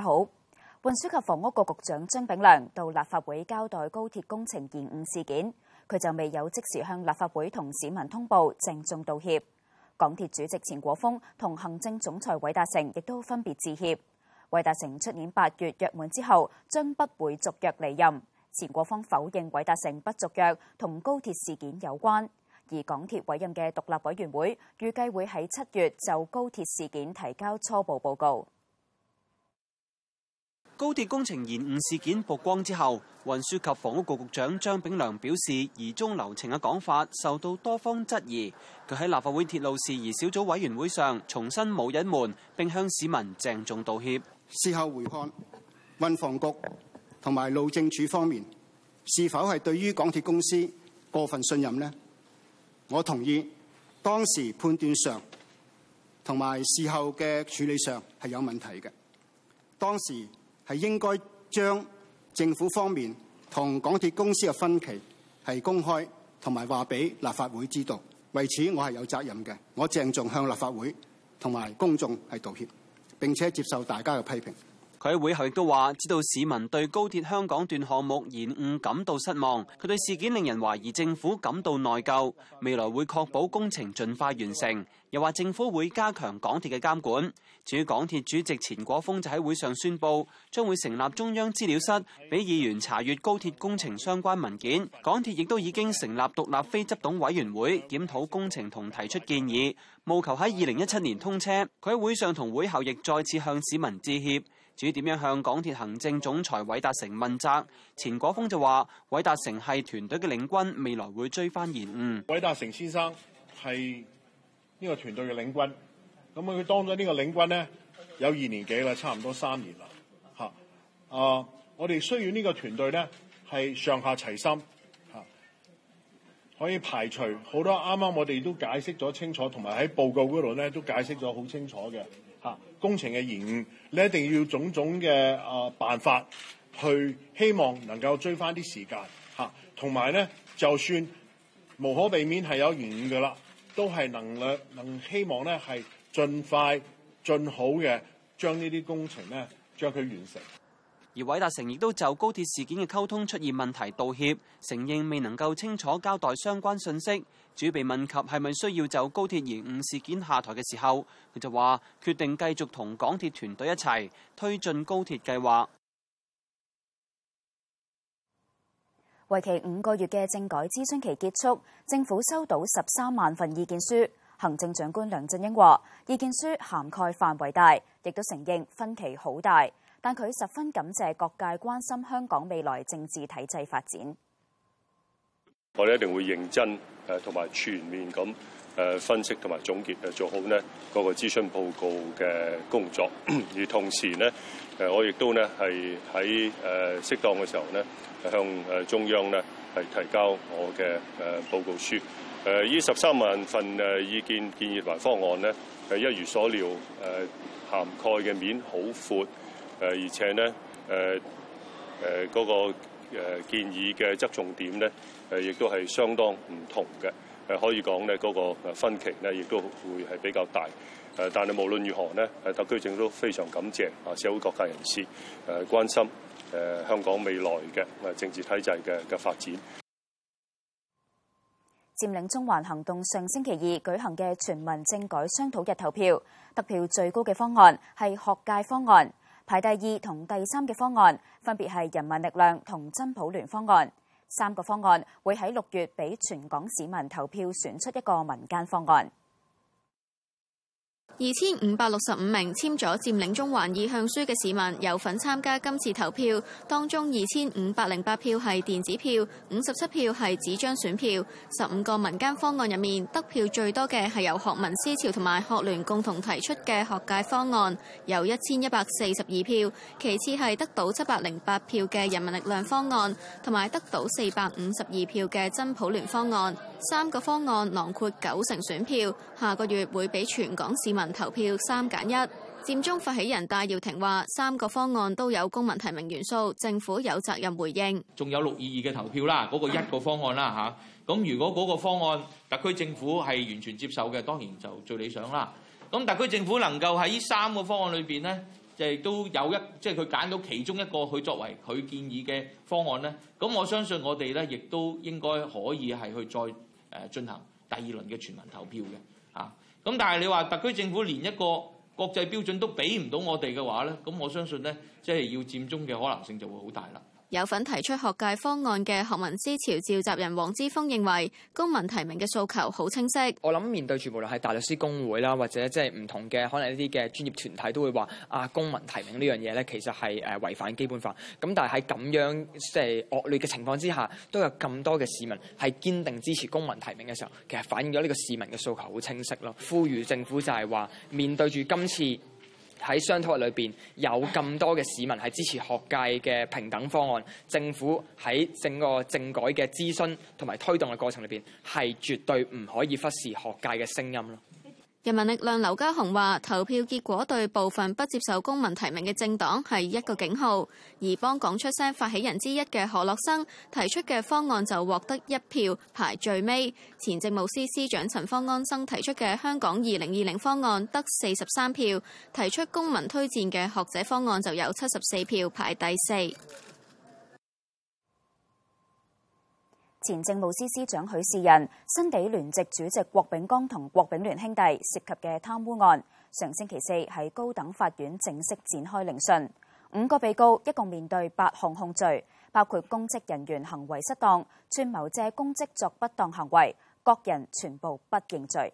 好，運輸及房屋局局長張炳良到立法會交代高鐵工程延誤事件，佢就未有即時向立法會同市民通報，鄭重道歉。港鐵主席錢國峰同行政總裁韋達誠亦都分別致歉。韋達誠出年八月約滿之後，將不會續約離任。錢國鋒否認韋達誠不續約同高鐵事件有關，而港鐵委任嘅獨立委員會預計會喺七月就高鐵事件提交初步報告。高鐵工程延誤事件曝光之後，運輸及房屋局局長張炳良表示，疑中留情嘅講法受到多方質疑。佢喺立法會鐵路事宜小組委員會上重申冇隱瞞，並向市民鄭重道歉。事後回看，運房局同埋路政署方面是否係對於港鐵公司過分信任呢？我同意，當時判斷上同埋事後嘅處理上係有問題嘅。當時。係應該將政府方面同港鐵公司嘅分歧係公開，同埋話俾立法會知道。為此，我係有責任嘅，我鄭重向立法會同埋公眾係道歉，並且接受大家嘅批評。佢喺會後亦都話知道市民對高鐵香港段項目延誤感到失望，佢對事件令人懷疑政府感到內疚，未來會確保工程盡快完成。又話政府會加強港鐵嘅監管。至於港鐵主席錢果豐就喺會上宣布，將會成立中央資料室，俾議員查閱高鐵工程相關文件。港鐵亦都已經成立獨立非執董委員會檢討工程同提出建議，務求喺二零一七年通車，佢喺會上同會後亦再次向市民致歉。至於點樣向港鐵行政總裁韋達成問責，錢果豐就話：韋達成係團隊嘅領軍，未來會追返延誤。韋達成先生係呢個團隊嘅領軍，咁佢當咗呢個領軍咧有二年幾啦，差唔多三年啦。嚇啊！我哋需要呢個團隊咧係上下齊心嚇、啊，可以排除好多啱啱我哋都解釋咗清楚，同埋喺報告嗰度咧都解釋咗好清楚嘅。啊、工程嘅延誤，你一定要種種嘅、啊、辦法，去希望能夠追翻啲時間，同埋咧就算無可避免係有延誤嘅啦，都係能量能希望咧係盡快盡好嘅，將呢啲工程咧將佢完成。而韋達誠亦都就高鐵事件嘅溝通出現問題道歉，承認未能夠清楚交代相關訊息。主被問及係咪需要就高鐵延誤事件下台嘅時候，佢就話決定繼續同港鐵團隊一齊推進高鐵計劃。為期五個月嘅政改諮詢期結束，政府收到十三萬份意見書。行政長官梁振英話：意見書涵蓋範圍大，亦都承認分歧好大。但佢十分感謝各界關心香港未來政治體制發展。我哋一定會認真誒，同埋全面咁誒分析同埋總結，誒做好呢嗰個諮詢報告嘅工作。 而同時呢，誒我亦都咧係喺誒適當嘅時候呢向誒中央呢係提交我嘅誒報告書。誒呢十三萬份嘅意見建議同埋方案呢，係一如所料誒涵蓋嘅面好闊。誒，而且呢，誒誒嗰個建議嘅側重點呢，誒、呃、亦都係相當唔同嘅。誒、呃、可以講呢，嗰、嗰個分歧呢，亦都會係比較大。誒、呃，但係無論如何咧，特區政府都非常感謝啊社會各界人士誒、呃、關心誒、呃、香港未來嘅誒政治體制嘅嘅發展。佔領中環行動上星期二舉行嘅全民政改商討日投票，得票最高嘅方案係學界方案。排第二同第三嘅方案，分別係人民力量同真普聯方案。三個方案會喺六月俾全港市民投票選出一個民間方案。二千五百六十五名簽咗佔領中環意向書嘅市民有份參加今次投票，當中二千五百零八票係電子票，五十七票係紙張選票。十五個民間方案入面，得票最多嘅係由學民思潮同埋學聯共同提出嘅學界方案，有一千一百四十二票；其次係得到七百零八票嘅人民力量方案，同埋得到四百五十二票嘅真普聯方案。三個方案囊括九成選票，下個月會俾全港市民。投票三揀一，佔中發起人戴耀廷話：三個方案都有公民提名元素，政府有責任回應。仲有六二二嘅投票啦，嗰、那個一個方案啦嚇。咁如果嗰個方案特區政府係完全接受嘅，當然就最理想啦。咁特區政府能夠喺三個方案裏邊呢，就亦、是、都有一即係佢揀到其中一個去作為佢建議嘅方案呢。咁我相信我哋呢，亦都應該可以係去再誒進行第二輪嘅全民投票嘅。咁但係你話特區政府連一個國際標準都俾唔到我哋嘅話呢，咁我相信呢，即係要佔中嘅可能性就會好大啦。有份提出學界方案嘅學民思潮召集人黃之鋒認為公民提名嘅訴求好清晰。我諗面對住無論係大律師公會啦，或者即係唔同嘅可能一啲嘅專業團體都會話啊，公民提名呢樣嘢咧，其實係誒違反基本法。咁但係，喺咁樣即係惡劣嘅情況之下，都有咁多嘅市民係堅定支持公民提名嘅時候，其實反映咗呢個市民嘅訴求好清晰咯。呼籲政府就係話面對住今次。喺商討裏邊有咁多嘅市民係支持學界嘅平等方案，政府喺整個政改嘅諮詢同埋推動嘅過程裏邊，係絕對唔可以忽視學界嘅聲音咯。人民力量劉家雄話：投票結果對部分不接受公民提名嘅政黨係一個警號，而幫港出聲發起人之一嘅何樂生提出嘅方案就獲得一票排最尾，前政務司司長陳方安生提出嘅香港二零二零方案得四十三票，提出公民推薦嘅學者方案就有七十四票排第四。前政務司司長許仕仁、新地聯席主席郭炳江同郭炳聯兄弟涉及嘅貪污案，上星期四喺高等法院正式展開聆訊。五個被告一共面對八項控罪，包括公職人員行為失當、串謀借公職作不當行為，各人全部不認罪。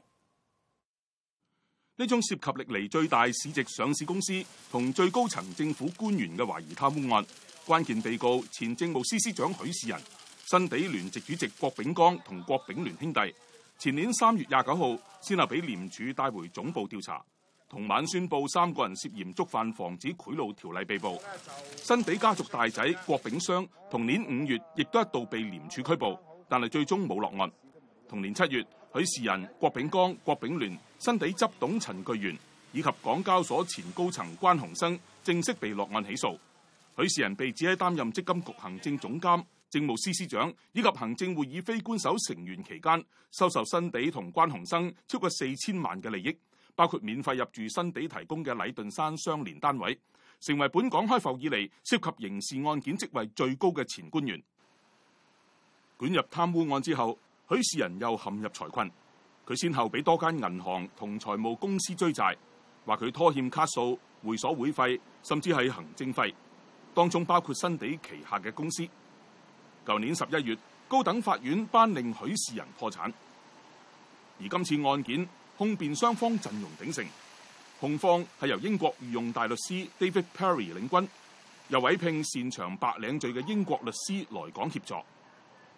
呢宗涉及歷嚟最大市值上市公司同最高層政府官員嘅懷疑貪污案，關鍵被告前政務司司長許仕仁。新地聯席主席郭炳江同郭炳聯兄弟，前年三月廿九號先後俾廉署帶回總部調查，同晚宣布三個人涉嫌觸犯防止賄賂條例被捕。新地家族大仔郭炳湘同年五月亦都一度被廉署拘捕，但係最終冇落案。同年七月，許仕仁、郭炳江、郭炳聯、新地執董陳巨源以及港交所前高層關洪生正式被落案起訴。許仕仁被指喺擔任積金局行政總監、政務司司長以及行政會議非官守成員期間，收受新地同關雄生超過四千萬嘅利益，包括免費入住新地提供嘅禮頓山相連單位，成為本港開埠以嚟涉及刑事案件職位最高嘅前官員。捲入貪污案之後，許仕仁又陷入財困，佢先後俾多間銀行同財務公司追債，話佢拖欠卡數、會所會費，甚至係行政費，當中包括新地旗下嘅公司。舊年十一月，高等法院頒令許仕仁破產。而今次案件控辯雙方陣容鼎盛，控方係由英國御用大律師 David Perry 領軍，又委聘擅長白領罪嘅英國律師來港協助。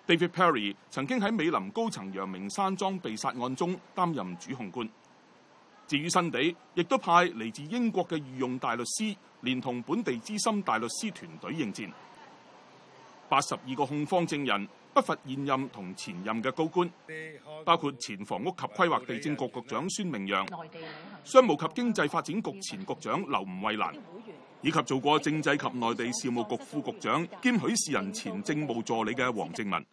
David Perry 曾經喺美林高層陽明山莊被殺案中擔任主控官。至於新地，亦都派嚟自英國嘅御用大律師，連同本地資深大律師團隊應戰。八十二個控方證人，不乏現任同前任嘅高官，包括前房屋及規劃地政局局長孫明揚、商務及經濟發展局前局長劉吳慧蘭，以及做過政制及內地事務局副，副局長兼許仕仁前政務助理嘅黃靜文。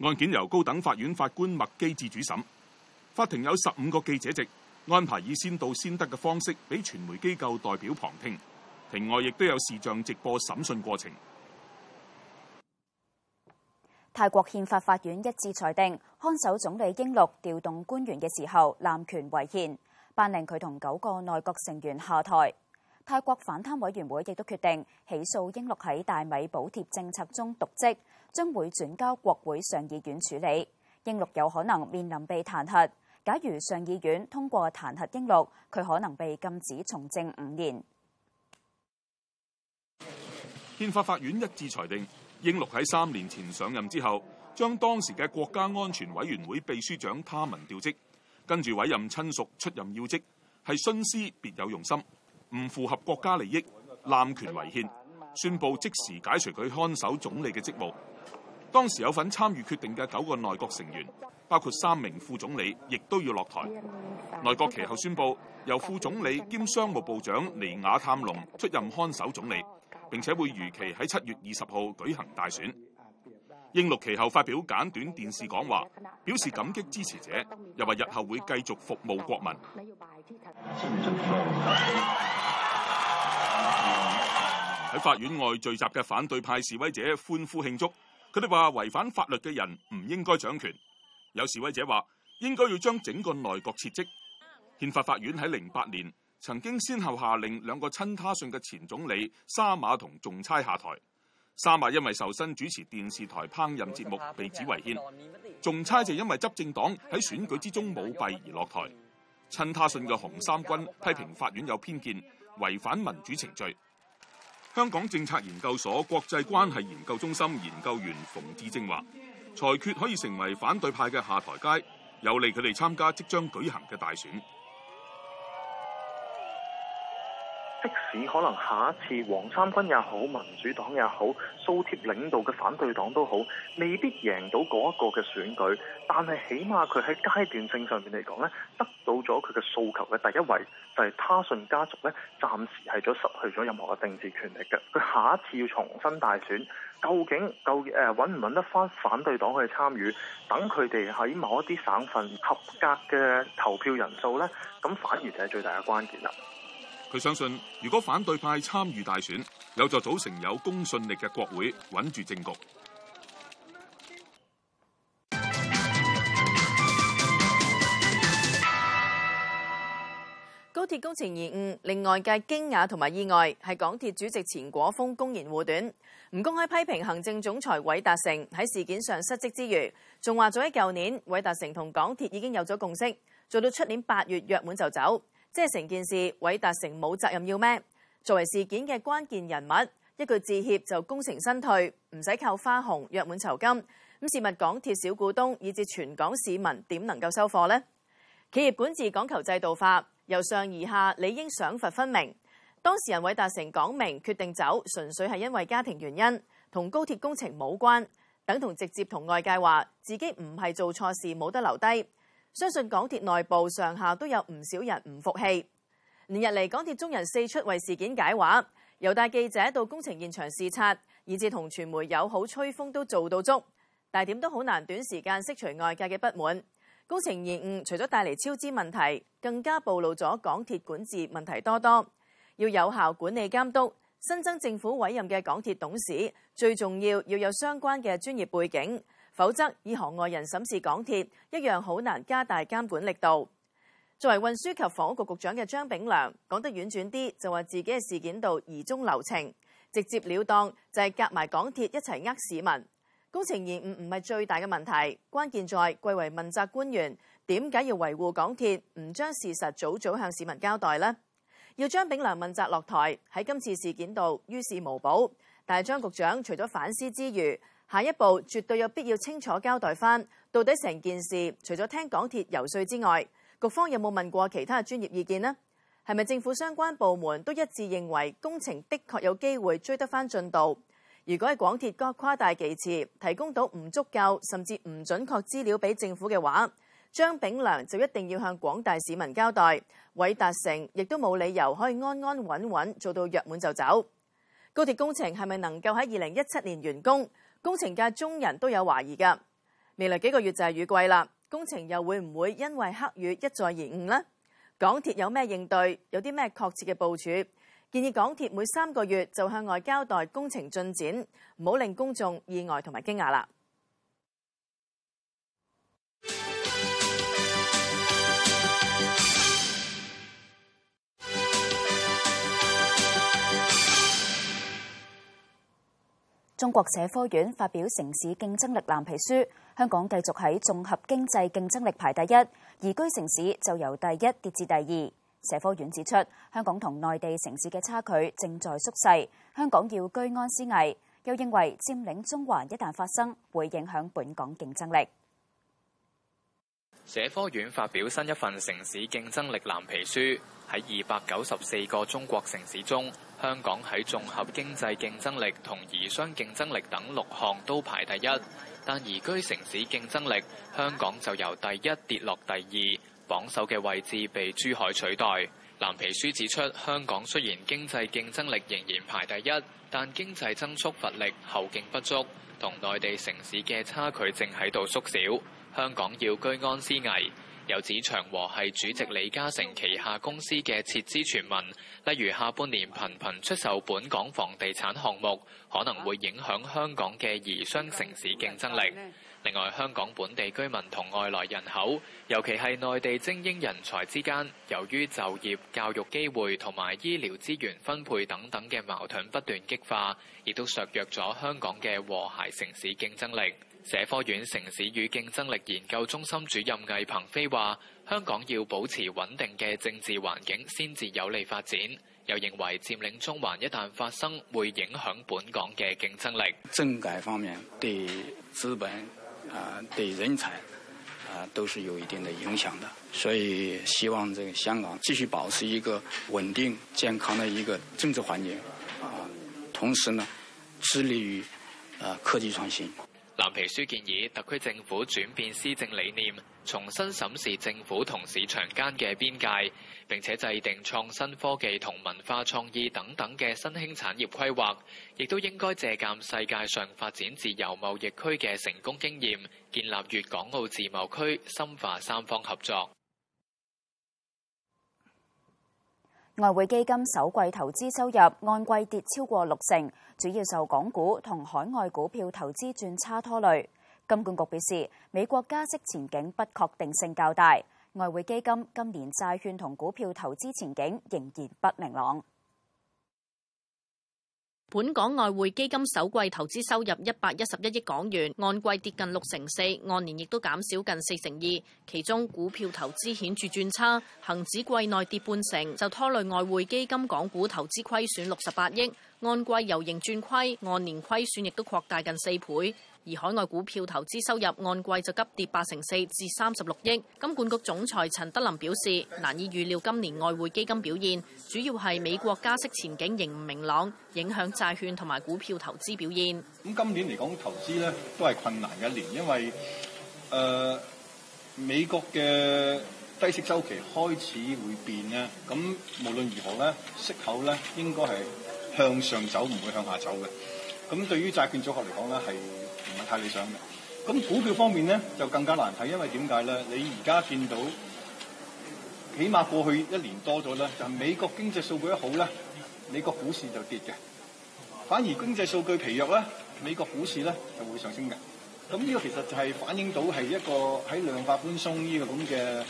案件由高等法院法官麥基治主審，法庭有十五個記者席，安排以先到先得嘅方式俾傳媒機構代表旁聽，庭外亦都有視像直播審訊過程。泰國憲法法院一致裁定，看守總理英祿調動官員嘅時候濫權違憲，頒令佢同九個內閣成員下台。泰國反貪委員會亦都決定起訴英祿喺大米補貼政策中瀆職，將會轉交國會上議院處理。英祿有可能面臨被彈劾，假如上議院通過彈劾英祿，佢可能被禁止從政五年。憲法法院一致裁定。英祿喺三年前上任之後，將當時嘅國家安全委員會秘書長他文調職，跟住委任親屬出任要職，係徇私別有用心，唔符合國家利益，濫權違憲，宣布即時解除佢看守總理嘅職務。當時有份參與決定嘅九個內閣成員，包括三名副總理，亦都要落台。內閣其後宣布，由副總理兼商務部長尼瓦探龍出任看守總理。並且會如期喺七月二十號舉行大選。英祿其後發表簡短電視講話，表示感激支持者，又話日後會繼續服務國民。喺法院外聚集嘅反對派示威者歡呼慶祝，佢哋話違反法律嘅人唔應該掌權。有示威者話應該要將整個內閣撤職。憲法法院喺零八年曾經先後下令兩個親他信嘅前總理沙馬同仲差下台。沙馬因為受薪主持電視台烹飪節目被指違憲，仲差就因為執政黨喺選舉之中舞弊而落台。親他信嘅紅衫軍批評法院有偏見，違反民主程序。香港政策研究所國際關係研究中心研究員馮志正話：裁決可以成為反對派嘅下台階，有利佢哋參加即將舉行嘅大選。可能下一次黃衫軍也好，民主黨也好，蘇貼領導嘅反對黨都好，未必贏到嗰一個嘅選舉，但係起碼佢喺階段性上面嚟講咧，得到咗佢嘅訴求嘅第一位，就係、是、他信家族咧，暫時係咗失去咗任何嘅政治權力嘅。佢下一次要重新大選，究竟究竟誒揾唔揾得翻反對黨去參與，等佢哋喺某一啲省份合格嘅投票人數咧，咁反而就係最大嘅關鍵啦。佢相信，如果反對派參與大選，有助組成有公信力嘅國會，穩住政局。高鐵工程延誤令外界驚訝同埋意外，係港鐵主席錢果豐公然護短，唔公開批評行政總裁韋達成喺事件上失職之餘，仲話早喺舊年韋達成同港鐵已經有咗共識，做到出年八月約滿就走。即係成件事，韋達成冇責任要咩？作為事件嘅關鍵人物，一句致歉就功成身退，唔使靠花紅約滿酬金。咁事物港鐵小股東以至全港市民點能夠收貨呢？企業管治講求制度化，由上而下理應賞罰分明。當事人韋達成講明，決定走純粹係因為家庭原因，同高鐵工程冇關，等同直接同外界話自己唔係做錯事，冇得留低。相信港鐵內部上下都有唔少人唔服氣。連日嚟，港鐵中人四出為事件解話，由帶記者到工程現場視察，以至同傳媒友好吹風都做到足，但點都好難短時間釋除外界嘅不滿。工程延誤除咗帶嚟超支問題，更加暴露咗港鐵管治問題多多。要有效管理監督，新增政府委任嘅港鐵董事，最重要要有相關嘅專業背景。否則，以行外人審視港鐵，一樣好難加大監管力度。作為運輸及房屋局局長嘅張炳良，講得婉轉啲就話自己嘅事件度疑中留情，直接了當就係夾埋港鐵一齊呃市民。工程延誤唔係最大嘅問題，關鍵在貴為問責官員，點解要維護港鐵唔將事實早早向市民交代呢？要張炳良問責落台，喺今次事件度於事無補。但係張局長除咗反思之餘，下一步絕對有必要清楚交代翻，到底成件事除咗聽港鐵遊說之外，局方有冇問過其他專業意見呢？係咪政府相關部門都一致認為工程的確有機會追得翻進度？如果係港鐵過誇大其詞提供到唔足夠甚至唔準確資料俾政府嘅話，張炳良就一定要向廣大市民交代，韋達誠亦都冇理由可以安安穩穩做到約滿就走。高鐵工程係咪能夠喺二零一七年完工？工程界中人都有懷疑噶，未來幾個月就係雨季啦，工程又會唔會因為黑雨一再延誤呢？港鐵有咩應對，有啲咩確切嘅部署？建議港鐵每三個月就向外交代工程進展，唔好令公眾意外同埋驚訝啦。中國社科院發表城市競爭力藍皮書，香港繼續喺綜合經濟競爭力排第一，宜居城市就由第一跌至第二。社科院指出，香港同內地城市嘅差距正在縮細，香港要居安思危，又認為佔領中環一旦發生，會影響本港競爭力。社科院發表新一份城市競爭力藍皮書，喺二百九十四個中國城市中。香港喺綜合經濟競爭力同宜商競爭力等六項都排第一，但宜居城市競爭力香港就由第一跌落第二，榜首嘅位置被珠海取代。藍皮書指出，香港雖然經濟競爭力仍然排第一，但經濟增速乏力，後勁不足，同內地城市嘅差距正喺度縮小。香港要居安思危。有指長和係主席李嘉誠旗下公司嘅撤資傳聞，例如下半年頻頻出售本港房地產項目，可能會影響香港嘅宜商城市競爭力。另外，香港本地居民同外來人口，尤其係內地精英人才之間，由於就業教育機會同埋醫療資源分配等等嘅矛盾不斷激化，亦都削弱咗香港嘅和諧城市競爭力。社科院城市與競爭力研究中心主任魏鵬飛話，香港要保持穩定嘅政治環境，先至有利發展。又認為佔領中環一旦發生，會影響本港嘅競爭力。政改方面，對資本啊，呃、對人才啊、呃，都是有一定的影響的。所以希望這個香港繼續保持一個穩定健康的一個政治環境啊、呃，同時呢，致力於啊、呃、科技創新。皮書建議特區政府轉變施政理念，重新審視政府同市場間嘅邊界，並且制定創新科技同文化創意等等嘅新興產業規劃，亦都應該借鑒世界上發展自由貿易區嘅成功經驗，建立粵港澳自貿區深化三方合作。外匯基金首季投資收入按季跌超過六成，主要受港股同海外股票投資轉差拖累。金管局表示，美國加息前景不確定性較大，外匯基金今年債券同股票投資前景仍然不明朗。本港外匯基金首季投資收入一百一十一億港元，按季跌近六成四，按年亦都減少近四成二。其中股票投資顯著轉差，恒指季內跌半成，就拖累外匯基金港股投資虧損六十八億。按季由盈轉虧，按年虧損亦都擴大近四倍。而海外股票投資收入按季就急跌八成四，至三十六億。金管局總裁陳德霖表示，難以預料今年外匯基金表現，主要係美國加息前景仍唔明朗，影響債券同埋股票投資表現。咁今年嚟講，投資咧都係困難嘅一年，因為誒美國嘅低息周期開始會變咧。咁無論如何咧，息口咧應該係向上走唔會向下走嘅，咁對於債券組合嚟講咧係唔係太理想嘅？咁股票方面咧就更加難睇，因為點解咧？你而家見到，起碼過去一年多咗咧，就係美國經濟數據一好咧，美國股市就跌嘅；反而經濟數據疲弱咧，美國股市咧就會上升嘅。咁呢個其實就係反映到係一個喺量化寬鬆呢個咁嘅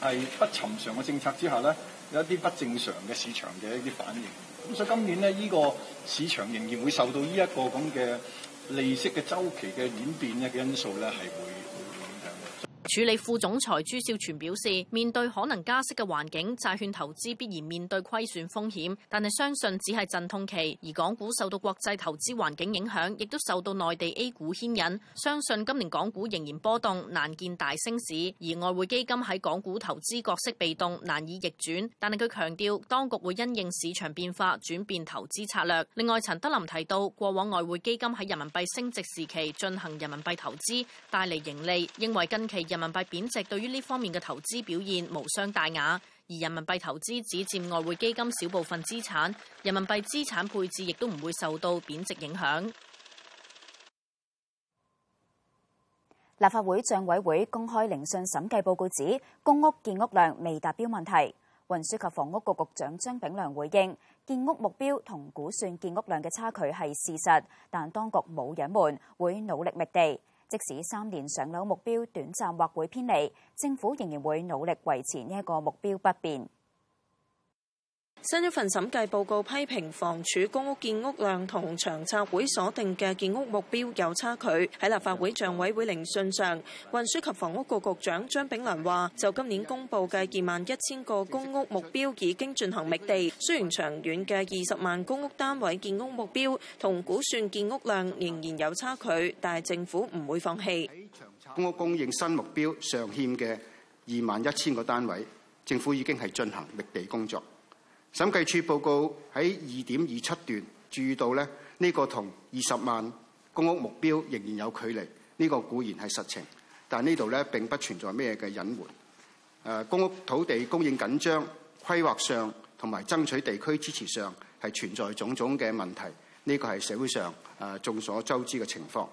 係不尋常嘅政策之下咧。有一啲不正常嘅市場嘅一啲反應，咁所以今年咧，呢個市場仍然會受到呢一個咁嘅利息嘅周期嘅演變嘅因素咧，係會。處理副總裁朱少全表示，面對可能加息嘅環境，債券投資必然面對虧損風險，但係相信只係陣痛期。而港股受到國際投資環境影響，亦都受到內地 A 股牽引，相信今年港股仍然波動，難見大升市。而外匯基金喺港股投資角色被動，難以逆轉。但係佢強調，當局會因應市場變化轉變投資策略。另外，陳德霖提到，過往外匯基金喺人民幣升值時期進行人民幣投資，帶嚟盈利，認為近期人人民幣貶值對於呢方面嘅投資表現無傷大雅，而人民幣投資只佔外匯基金少部分資產，人民幣資產配置亦都唔會受到貶值影響。立法會帳委會公開聆訊審計報告指，公屋建屋量未達標問題，運輸及房屋局局長張炳良回應：建屋目標同估算建屋量嘅差距係事實，但當局冇隱瞞，會努力覓地。即使三年上樓目標短暫或會偏離，政府仍然會努力維持呢一個目標不變。新一份審計報告批評房署公屋建屋量同長策會所定嘅建屋目標有差距。喺立法會帳委會聆訊上，運輸及房屋局局長張炳良話，就今年公布嘅二萬一千個公屋目標已經進行覓地。雖然長遠嘅二十萬公屋單位建屋目標同估算建屋量仍然有差距，但係政府唔會放棄公屋供應新目標尚欠嘅二萬一千個單位，政府已經係進行覓地工作。審計處報告喺二點二七段注意到咧，呢個同二十萬公屋目標仍然有距離，呢個固然係實情，但呢度咧並不存在咩嘅隱瞞。誒，公屋土地供應緊張，規劃上同埋爭取地區支持上係存在種種嘅問題，呢個係社會上誒眾所周知嘅情況。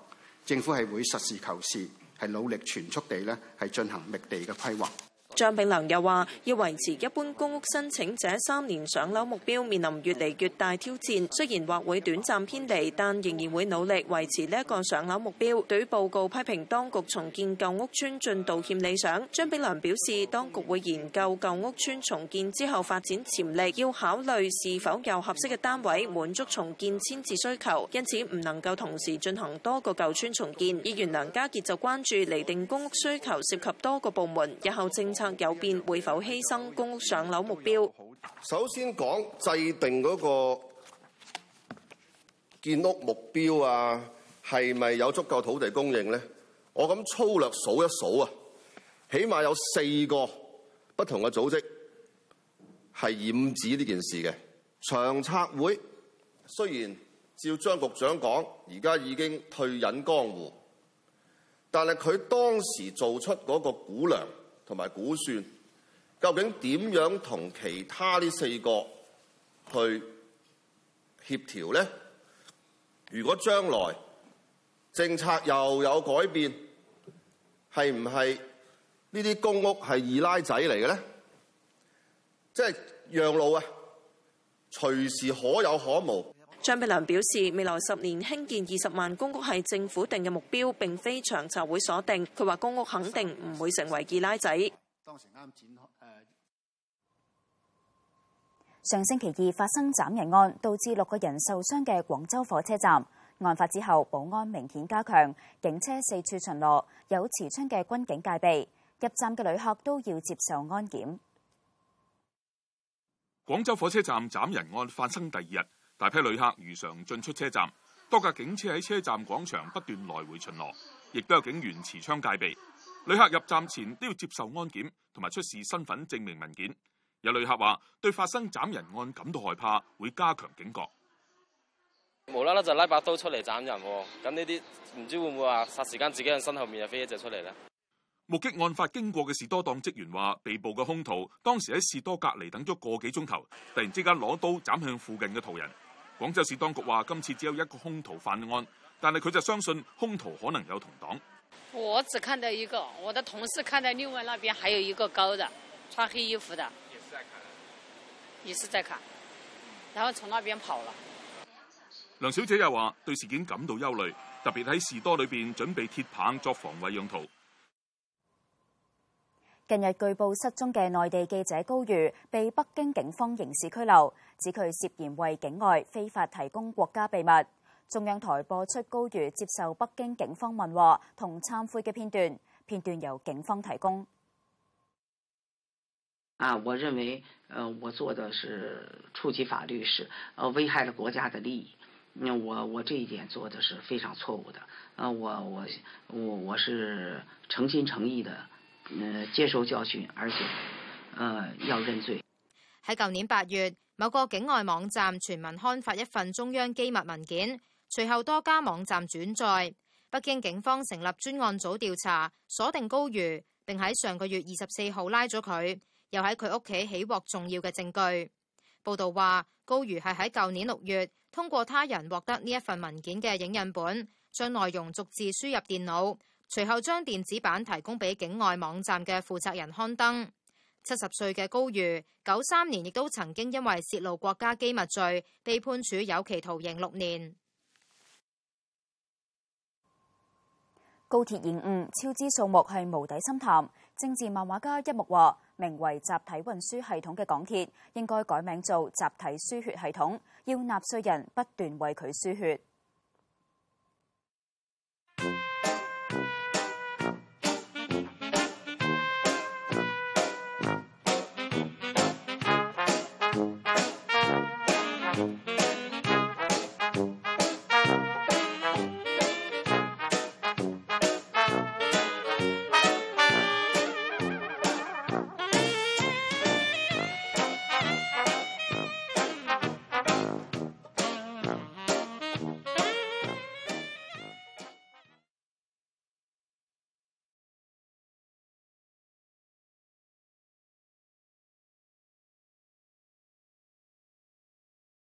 政府係會實事求是，係努力全速地咧係進行覓地嘅規劃。張炳良又話：要維持一般公屋申請者三年上樓目標，面臨越嚟越大挑戰。雖然或會短暫偏離，但仍然會努力維持呢一個上樓目標。對於報告批評當局重建舊屋村進度欠理想，張炳良表示，當局會研究舊屋村重建之後發展潛力，要考慮是否有合適嘅單位滿足重建遷置需求，因此唔能夠同時進行多個舊村重建。議員梁家傑就關注厘定公屋需求涉及多個部門，日後政。有變會否犧牲公屋上樓目標？首先講制定嗰個建屋目標啊，係咪有足夠土地供應咧？我咁粗略數一數啊，起碼有四個不同嘅組織係染指呢件事嘅。長策會雖然照張局長講，而家已經退隱江湖，但係佢當時做出嗰個估量。同埋估算，究竟點樣同其他呢四個去協調咧？如果將來政策又有改變，係唔係呢啲公屋係二奶仔嚟嘅咧？即係讓路啊！隨時可有可無。張炳良表示，未來十年興建二十萬公屋係政府定嘅目標，並非長策會鎖定。佢話公屋肯定唔會成為二奶仔。上星期二發生斬人案，導致六個人受傷嘅廣州火車站，案發之後保安明顯加強，警車四處巡邏，有持槍嘅軍警戒備，入站嘅旅客都要接受安檢。廣州火車站斬人案發生第二日，大批旅客如常進出車站，多架警車喺車站廣場不斷來回巡邏，亦都有警員持槍戒備。旅客入站前都要接受安檢同埋出示身份證明文件。有旅客話對發生斬人案感到害怕，會加強警覺。無啦啦就拉把刀出嚟斬人，咁呢啲唔知會唔會話霎時間自己喺身後面又飛一隻出嚟呢？目擊案發經過嘅士多檔職員話，被捕嘅兇徒當時喺士多隔籬等咗個幾鐘頭，突然之間攞刀斬向附近嘅途人。廣州市當局話：今次只有一個兇徒犯案，但係佢就相信兇徒可能有同黨。我只看到一個，我的同事看到另外那邊還有一個高的，穿黑衣服的，也是在砍，也是在砍，然後從那邊跑了。梁小姐又話：對事件感到憂慮，特別喺士多裏邊準備鐵棒作防衛用途。近日據報失蹤嘅內地記者高瑜被北京警方刑事拘留，指佢涉嫌為境外非法提供國家秘密。中央台播出高瑜接受北京警方問話同懺悔嘅片段，片段由警方提供。啊，我認為，呃，我做的是觸及法律，是呃危害了國家的利益。我我這一點做的是非常錯誤的。啊，我我我我是誠心誠意的。接受教訓，而且，呃，要認罪。喺舊年八月，某個境外網站全民刊發一份中央機密文件，隨後多家網站轉載。北京警方成立專案組調查，鎖定高瑜，並喺上個月二十四號拉咗佢，又喺佢屋企起獲重要嘅證據。報道話，高瑜係喺舊年六月通過他人獲得呢一份文件嘅影印本，將內容逐字輸入電腦。隨後將電子版提供俾境外網站嘅負責人刊登。七十歲嘅高瑜，九三年亦都曾經因為泄露國家機密罪，被判處有期徒刑六年。高鐵延誤超支數目係無底深潭。政治漫畫家一木話，名為集體運輸系統嘅港鐵，應該改名做集體輸血系統，要納稅人不斷為佢輸血。